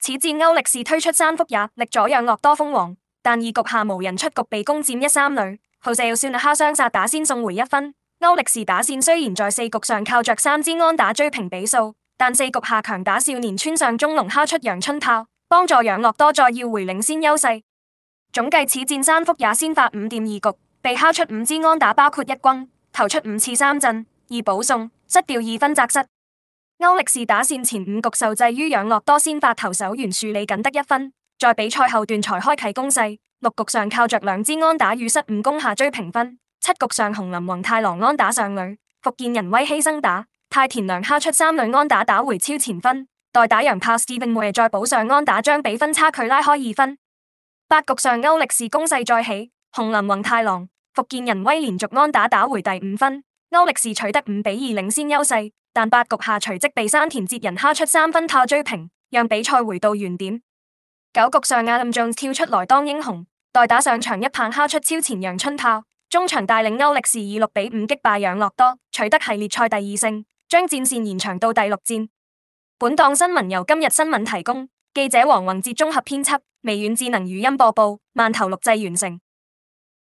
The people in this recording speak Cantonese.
此戰歐力士推出三福也力阻養樂多封王，但二局下無人出局被攻佔一三壘後射要算下雙殺打先送回一分。歐力士打線雖然在四局上靠着三支安打追平比數，但四局下強打少年村上中龍敲出陽春炮，幫助養樂多再要回領先優勢。總計此戰三福也先發五點二局，被敲出五支安打，包括一轟，投出五次三振二保送，失掉二分，責失。歐力士打線前五局受制於養樂多先發投手原樹理僅得一分，在比賽後段才開啟攻勢。六局上靠着兩支安打與失誤攻下追平分。七局上紅林宏太郎安打上壘，福建仁威犧牲打，太田良敲出三壘安打打回超前分。代打楊帕斯并回再補上安打將比分差距拉開二分。八局上歐力士攻勢再起，紅林宏太郎、福建仁威連續安打打回第五分，歐力士取得五比二領先優勢。但八局下隨即被山田哲人敲出三分炮追平，讓比賽回到原點。九局上阿林仲跳出來當英雄，代打上場一棒敲出超前陽春炮，終場帶領歐力士以六比五擊敗養樂多，取得系列賽第二勝，將戰線延長到第六戰。本檔新聞由今日新聞提供，記者王宏哲綜合編輯，微軟智能語音播報，萬頭錄製完成。